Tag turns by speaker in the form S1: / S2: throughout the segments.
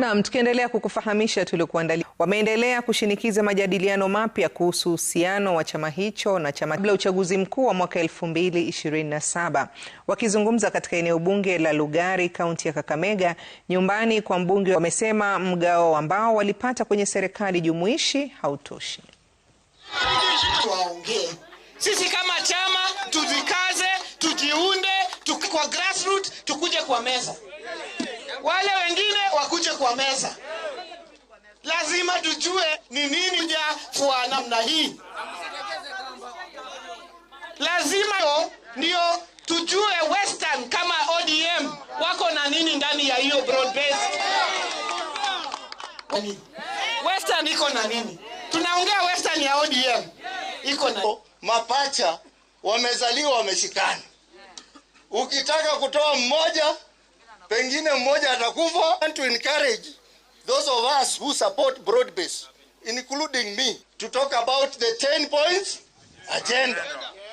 S1: Naam, tukiendelea kukufahamisha tulikuandalia, wameendelea kushinikiza majadiliano mapya kuhusu uhusiano wa chama hicho na chama kabla uchaguzi mkuu wa mwaka 2027. Wakizungumza katika eneo bunge la Lugari, kaunti ya Kakamega, nyumbani kwa mbunge, wamesema mgao ambao walipata kwenye serikali jumuishi hautoshi.
S2: Sisi kama chama tujikaze, tujiunde, tukuwa grassroots, tukuje kwa meza wale wengine wakuje kwa meza. Lazima tujue ni nini ja kwa namna hii, lazima yo, ndio tujue Western kama ODM wako na nini ndani ya hiyo broad base. Western iko na nini? Tunaongea Western ya ODM iko na
S3: mapacha, wamezaliwa wameshikana, ukitaka kutoa mmoja pengine mmoja atakufa. And to encourage those of us who support broad base including me to talk about the 10 points agenda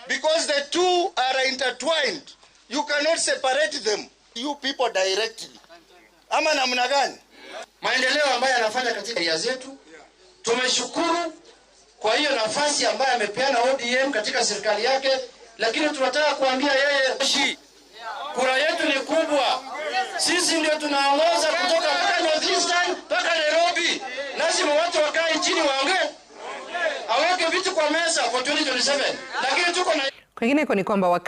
S3: because the two are intertwined, you cannot separate them, you people directly. Ama namna gani?
S2: Maendeleo ambayo anafanya katika area zetu, tumeshukuru kwa hiyo nafasi ambayo amepeana ODM katika serikali yake, lakini tunataka kuambia yeye, kura yetu ni kubwa. Sisi ndio tunaongoza kutoka North Eastern mpaka Nairobi. Lazima watu wakae chini waongee, aweke vitu kwa meza kwa 2027 lakini tuko na kwingineko ni kwamba